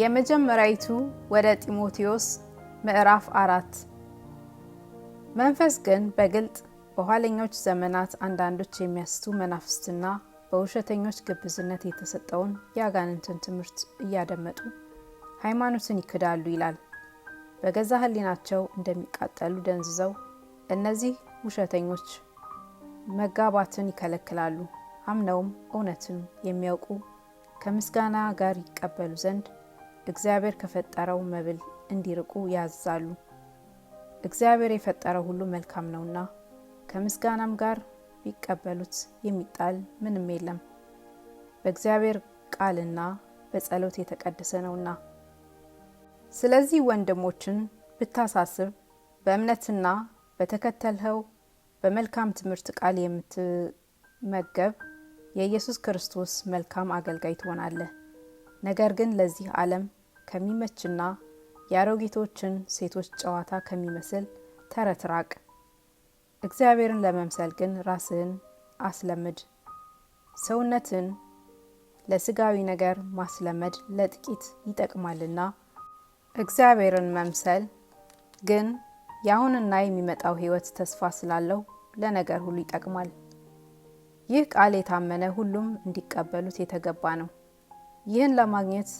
የመጀመሪያይቱ ወደ ጢሞቴዎስ ምዕራፍ አራት መንፈስ ግን በግልጥ በኋለኞች ዘመናት አንዳንዶች የሚያስቱ መናፍስትና በውሸተኞች ግብዝነት የተሰጠውን የአጋንንትን ትምህርት እያደመጡ ሃይማኖትን ይክዳሉ ይላል። በገዛ ሕሊናቸው እንደሚቃጠሉ ደንዝዘው እነዚህ ውሸተኞች መጋባትን ይከለክላሉ። አምነውም እውነትን የሚያውቁ ከምስጋና ጋር ይቀበሉ ዘንድ እግዚአብሔር ከፈጠረው መብል እንዲርቁ ያዛሉ። እግዚአብሔር የፈጠረው ሁሉ መልካም ነውና ከምስጋናም ጋር ቢቀበሉት የሚጣል ምንም የለም። በእግዚአብሔር ቃልና በጸሎት የተቀደሰ ነውና። ስለዚህ ወንድሞችን ብታሳስብ በእምነትና በተከተልኸው በመልካም ትምህርት ቃል የምትመገብ የኢየሱስ ክርስቶስ መልካም አገልጋይ ትሆናለህ። ነገር ግን ለዚህ ዓለም ከሚመችና የአሮጊቶችን ሴቶች ጨዋታ ከሚመስል ተረት ራቅ። እግዚአብሔርን ለመምሰል ግን ራስህን አስለምድ። ሰውነትን ለስጋዊ ነገር ማስለመድ ለጥቂት ይጠቅማልና እግዚአብሔርን መምሰል ግን የአሁንና የሚመጣው ሕይወት ተስፋ ስላለው ለነገር ሁሉ ይጠቅማል። ይህ ቃል የታመነ ሁሉም እንዲቀበሉት የተገባ ነው። ይህን ለማግኘት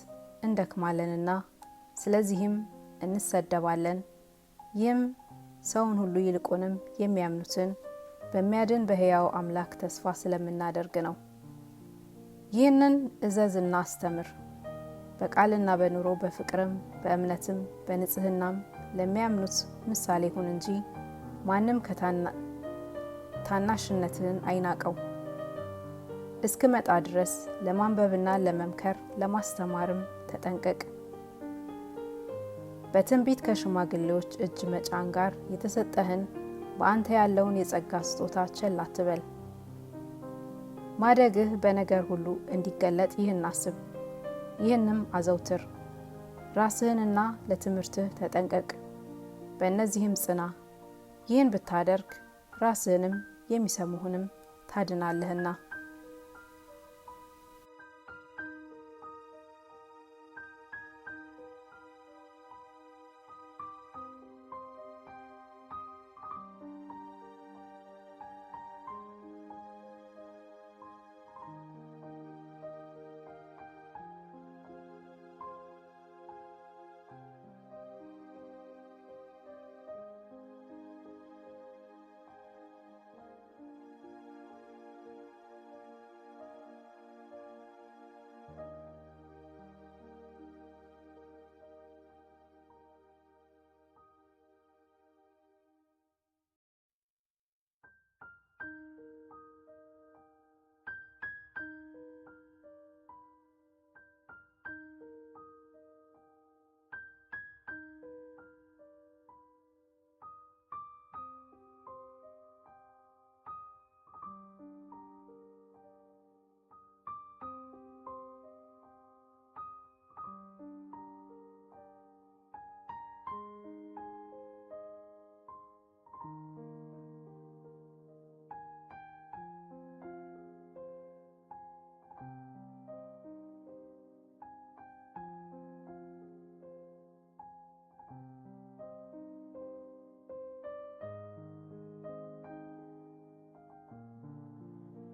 እንደክማለንና ስለዚህም እንሰደባለን። ይህም ሰውን ሁሉ ይልቁንም የሚያምኑትን በሚያድን በሕያው አምላክ ተስፋ ስለምናደርግ ነው። ይህንን እዘዝና አስተምር። በቃልና በኑሮ በፍቅርም በእምነትም በንጽህናም ለሚያምኑት ምሳሌ ሁን እንጂ ማንም ከታናሽነትህን አይናቀው። እስክመጣ ድረስ ለማንበብና ለመምከር ለማስተማርም ተጠንቀቅ። በትንቢት ከሽማግሌዎች እጅ መጫን ጋር የተሰጠህን በአንተ ያለውን የጸጋ ስጦታ ቸል አትበል። ማደግህ በነገር ሁሉ እንዲገለጥ ይህን አስብ፣ ይህንም አዘውትር። ራስህንና ለትምህርትህ ተጠንቀቅ፣ በእነዚህም ጽና። ይህን ብታደርግ ራስህንም የሚሰሙህንም ታድናለህና።